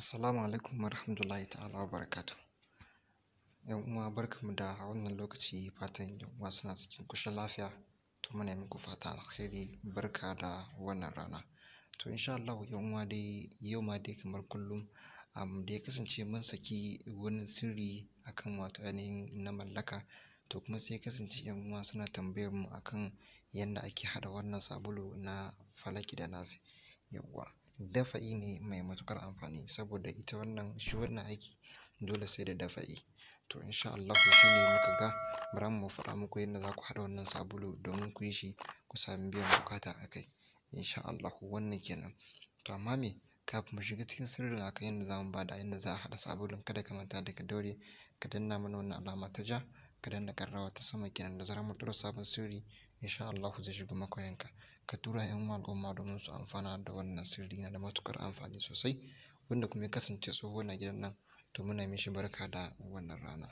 Assalamu alaikum warahmatullahi ta'ala barakatu. ‘Yan uwa mu da wannan lokaci fatan ‘yan uwa suna cikin kushin lafiya to muna muku fata alkhairi barka da wannan rana. To insha Allah ‘yan uwa dai yau ma dai kamar kullum am da ya kasance mun saki wani sirri akan wato ainihin na mallaka to kuma sai ya kasance ‘yan uwa suna tambayar mu akan yanda ake haɗa wannan sabulu na Falaki da Nasi yawwa. dafa'i ne mai matuƙar amfani saboda ita wannan shi wannan aiki dole sai da dafa'i to insha Allahu shi ne muka ga bara mu faɗa muku yadda za ku haɗa wannan sabulu domin ku yi shi ku sami biyan buƙata a kai insha Allahu wannan kenan to amma me kafin mu shiga cikin sirrin akan yadda za mu da yadda za a haɗa sabulun kada ka manta da ka daure ka danna mana wannan alama ta ja ka danna ƙararrawa ta sama kenan da zarar mun ɗora sabon sirri insha Allahu zai shiga makoyanka. Ka tura ƴan al'umma domin su amfana da wannan sirri na da matukar amfani sosai. Wanda kuma ya kasance tsoho na gidan nan to muna mishi barka da wannan rana.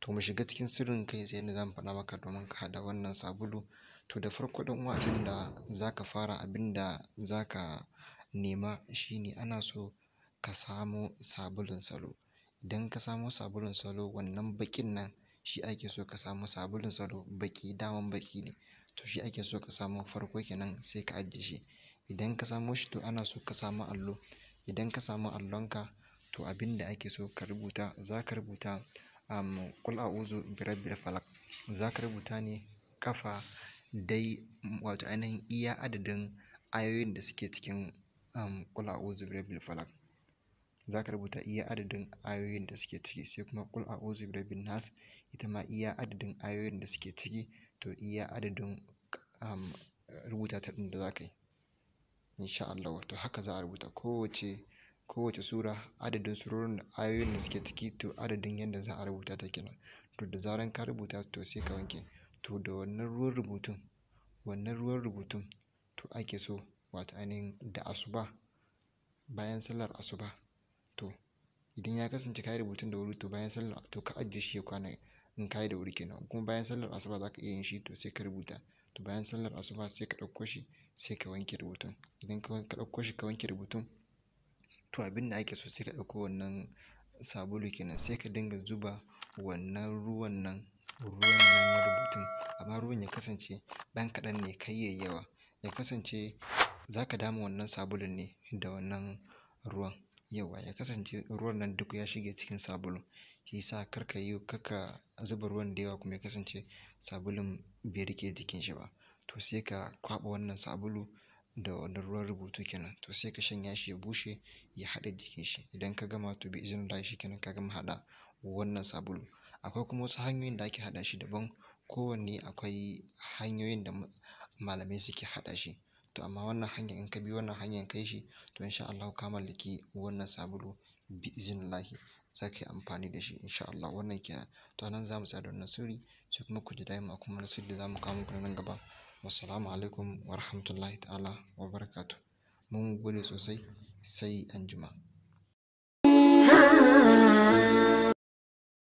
To mu shiga cikin sirrin kai sai ni zan faɗa maka domin ka da wannan sabulu. To da farko ɗan uwa abin da zaka fara abin da zaka nema shine ana so ka samo sabulun salo. Idan ka samo sabulun salo wannan bakin nan shi ake so ka samo sabulun salo baki daman baki ne. to shi ake so ka samo farko kenan sai ka ajiye shi idan ka samo shi to ana so ka samu allo idan ka samu allonka to abin da ake so ka rubuta za ka rubuta kul um, a'uzu bi rabbil falaq za ka rubuta ne kafa dai wato ainihin iya adadin ayoyin da suke cikin kul um, a'uzu bi rabbil falaq za ka rubuta iya adadin ayoyin da suke ciki sai kuma ƙul a'uzu bi rabbin nas ita ma iya adadin ayoyin da suke ciki to iya adadin um, rubuta ta ɗin da za ka yi insha Allah to haka za a rubuta kowace kowace sura adadin surorin da ayoyin da suke ciki to adadin yadda za a rubuta ta kenan to da zaran ka rubuta to sai ka wanke to da wannan ruwan rubutun wannan ruwan rubutun to ake so wato ainihin da asuba bayan sallar asuba to idan ya kasance ka yi rubutun da wuri to bayan sallar to ka ajiye shi ya kwana in ka yi da wuri kenan kuma bayan sallar asuba za ka iya yin shi to sai ka rubuta to bayan sallar asuba sai ka ɗauko shi sai ka wanke rubutun idan ka ɗauko shi ka wanke rubutun to abin da ake so sai ka ɗauko wannan sabulu kenan sai ka dinga zuba wannan ruwan nan ruwan nan na rubutun amma ruwan ya kasance ɗan kaɗan ne kai yayi yawa ya kasance za ka dama wannan sabulun ne da wannan ruwan yawa ya kasance ruwan nan duk ya shige cikin sabulun Shi kar ka yi kaka zuba ruwan da yawa kuma ya kasance sabulun bai ke jikin shi ba. To sai ka kwaɓa wannan sabulu da wannan ruwan rubutu kenan. To sai ka shanya shi ya bushe, ya haɗa jikin shi. Idan ka gama to bi shi kenan ka gama haɗa wannan sabulu. Akwai kuma wasu hanyoyin da ake haɗa shi daban. kowanne akwai hanyoyin da malamai suke haɗa shi. To amma wannan hanya in ka bi wannan hanyar ka yi shi to insha Allah ka mallaki wannan sabulu bi za yi amfani da shi insha Allah wannan kenan. To a nan za mu tsaya da wannan sirri sai kuma ku ji daɗin mu kuma wani da za kawo muku nan gaba. Wassalamu alaikum warahmatullahi ta'ala wa barakatu Mun gode sosai sai anjima.